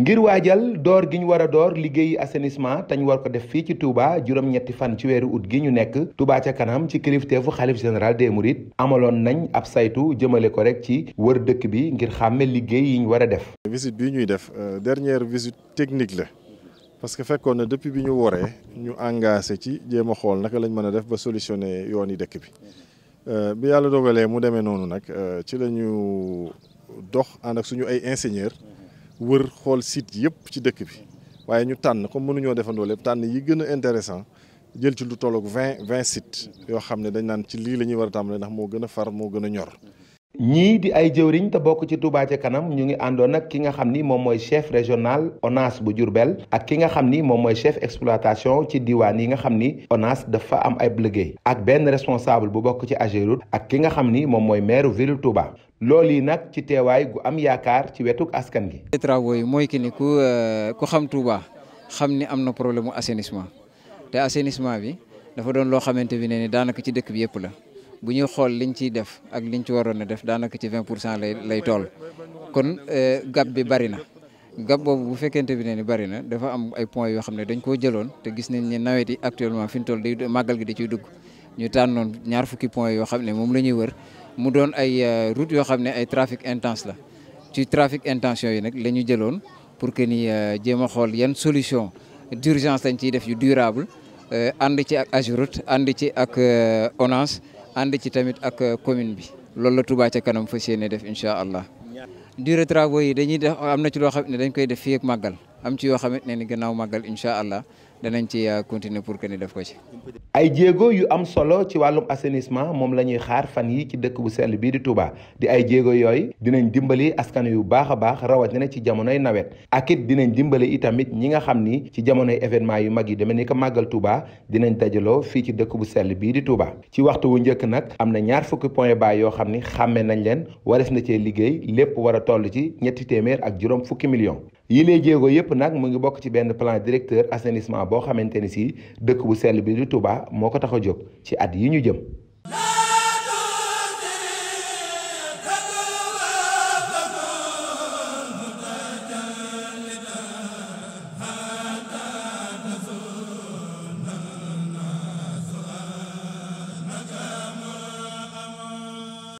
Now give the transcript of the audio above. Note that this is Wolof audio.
ngir waajal door gi ñu war a door liggéeyi assainissement te ñu war ko def fii ci Touba juróom-ñetti fan ci weeru ut gi ñu nekk Touba ca kanam ci kilifteefu xalif général des Mourides amaloon nañ ab saytu jëmale ko rek ci wër dëkk bi ngir xàmme liggéey yi ñu war a def. visite bi ñuy def euh, dernière visite technique la parce que fekkoon na depuis bi ñu waree ñu engagé ci jéem a xool naka lañ mën a def ba solutionner yoon yi dëkk bi euh, bi yàlla dogalee mu demee noonu nag euh, ci la dox ànd suñu ay ingénieur wër xool site yëpp ci dëkk bi waaye ñu tànn comme mënuñoo defandoo lépp tànn yi gën a intéressant jël ci lu tolloog vingt vingt sites yoo xam ne dañ naan ci lii la ñuy war a tàmbalee ndax moo gën a far moo gën a ñor ñii di ay jëwriñ te bokk ci Touba ca kanam ñu ngi àndoon ak ki nga xam ni moom mooy chef régional ONAS bu Diourbel ak ki nga xam ni moom mooy chef exploitation ci diwaan yi nga xam ni ONAS dafa am ay liggéey ak benn responsable bu bokk ci Ageroute ak ki nga xam ni moom mooy maire ville Touba loolu yi nag ci teewaay gu am yaakaar ci wetuk askan gi. travaux yi mooy ki ni ku euh, ku xam Touba xam ni am na problème mu assainissement te assainissement bi dafa doon loo xamante bi ne ni daanaka ci dëkk yëpp la. bu ñuy xool liñ ciy def ak liñ ci waroon a def daanaka ci 20 pour cent lay lay tool kon euh, gab bi bari na gab boobu bu fekkente bi ne ni bari na dafa am ay points yoo xam ne dañ koo jëloon te gis ni ne yi actuellement fi tool toll day màggal gi da ciy dugg ñu noon ñaar fukki point yoo xam ne moom la ñuy wër mu doon ay euh, route yoo xam ne ay trafic intense la ci trafic intention yi nag la jëloon pour que ni euh, jéem a xool yan solution d'urgence lañ ciy def yu durable ànd ci ak Ageroute ci ak ONAS ànd ci tamit ak euh, commune bi loolu la Touba ca kanam fas yéene def incha allah. durée travaux yi dañuy def am na ci loo xam ne dañ koy def fii ak màggal am ci yoo xam ne gannaaw màggal incha allah. danañ ci euh, continuer pour que ni def ko ci. ay jéego yu am solo ci wàllum assainissement moom la ñuy xaar fan yi ci dëkk bu sell bii di Touba di ay jéego yooyu dinañ dimbali askan yu baax a baax rawatina ci jamonoy nawet ak it dinañ dimbali itamit ñi nga xam ni ci jamonoy événement yu mag yi demee ni ko màggal Touba dinañ dajaloo fii ci dëkk bu sell bii di Touba. ci waxtu wu njëkk nag am na ñaar fukki point baay yoo xam ni xàmme nañ leen warees na cee liggéey lépp war toll ci ñetti téeméer ak juróom fukki millions. yilee jéego yépp nag mu ngi bokk ci benn plan directeur assainissement boo xamante ni si dëkk bu sell bi du tubaa moo ko tax a jóg ci at yi ñu jëm